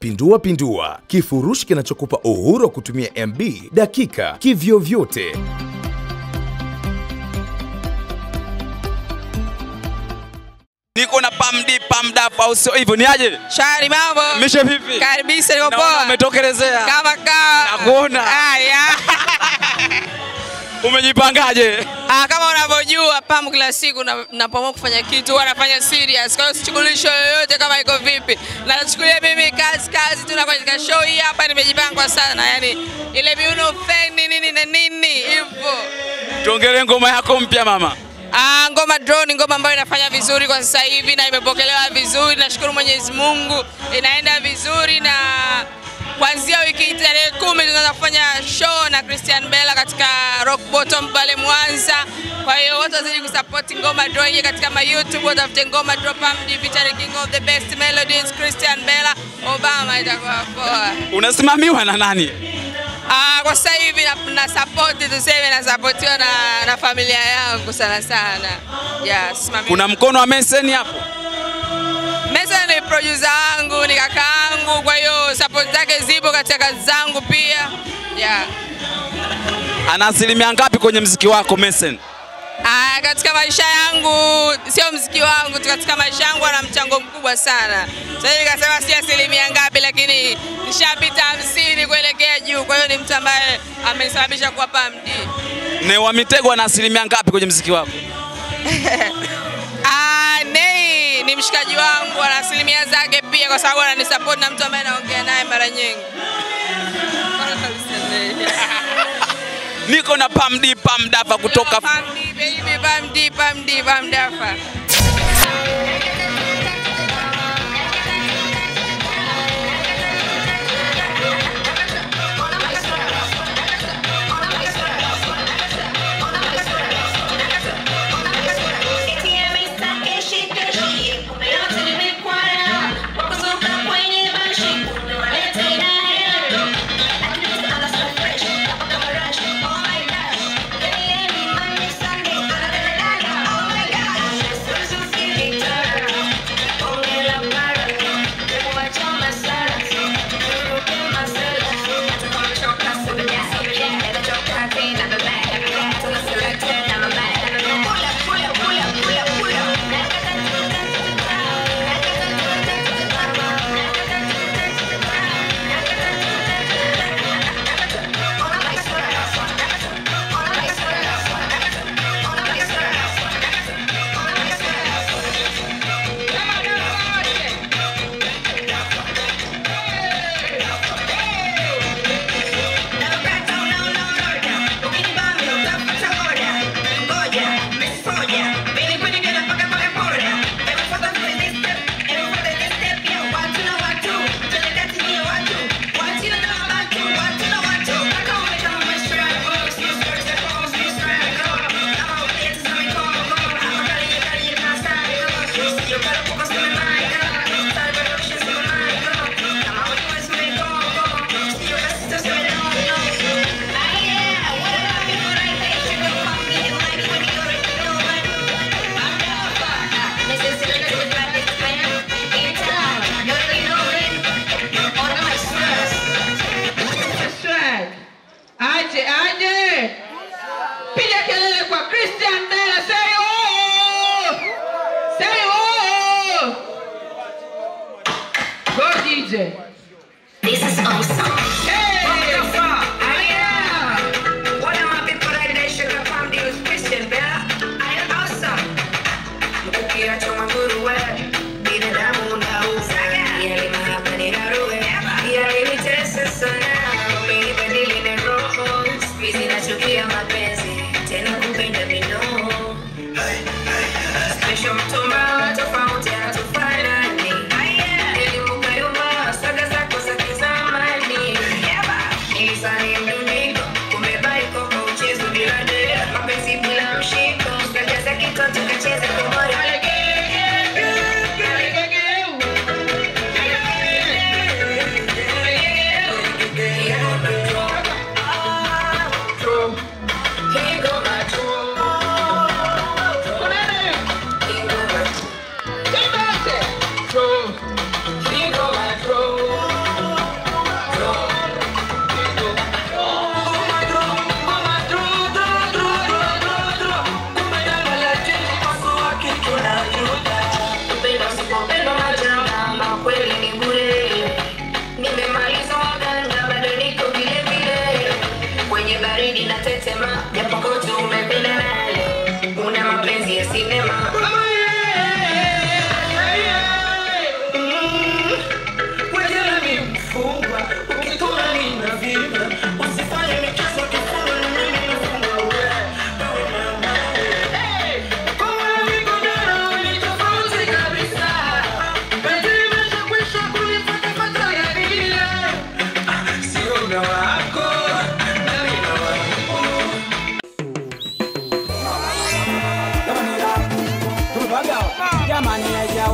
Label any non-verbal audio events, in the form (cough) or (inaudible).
Pindua pindua, kifurushi kinachokupa uhuru wa kutumia MB dakika kivyovyote. Mdipa Mdapa usio hivyo? Ni aje? Shari mambo mishe vipi? Karibisa niko poa. Umetokelezea kama kawa, nakuona haya (laughs) Umejipangaje? Ah, kama unavyojua PAM kila siku napoamua na kufanya kitu huwa nafanya serious. Kwa hiyo sichukulisho yoyote kama iko vipi. Na nachukulia mimi kazi kazi tu na katika show hii hapa nimejipanga sana. Yaani ile miuno feni nini na nini hivyo. Tuongelee ngoma yako mpya mama. Ah, ngoma drone ni ngoma ambayo inafanya vizuri kwa sasa hivi na imepokelewa vizuri, nashukuru Mwenyezi Mungu, inaenda vizuri na kuanzia wiki tarehe kumi tunaanza kufanya show na Christian Bella katika Rock Bottom pale Mwanza. Kwa hiyo watu wazidi kusupport ngoma drone hii katika ma YouTube, watafute ngoma drop Pamdi featuring King of the Best Melodies Christian Bella Obama, itakuwa poa. Unasimamiwa na nani? Ah, kwa sasa hivi na, na sapoti tuseme nasapotiwa na, na familia yangu sana sana. Yes, mami. Kuna mkono wa Mason hapo? Mason ni producer wangu, ni kakaangu, kwa hiyo support zake zipo katika kazi zangu pia. Yeah. Ana asilimia ngapi kwenye mziki wako Mason? Ah, katika maisha yangu sio mziki wangu tu, katika maisha yangu ana mchango mkubwa sana. Sasa hivi kasema si asilimia ngapi, lakini nishapita hamsini amenisababisha kuwa PAMD. Ne Wamitegwa na asilimia ngapi kwenye mziki wako? (laughs) ah, Nei ni mshikaji wangu, ana asilimia zake pia, kwa sababu ananisupport na mtu ambaye naongea naye mara nyingi. (laughs) Niko na PAMD PAMDAFA kutoka PAMD baby PAMD PAMD PAMDAFA. Yeah.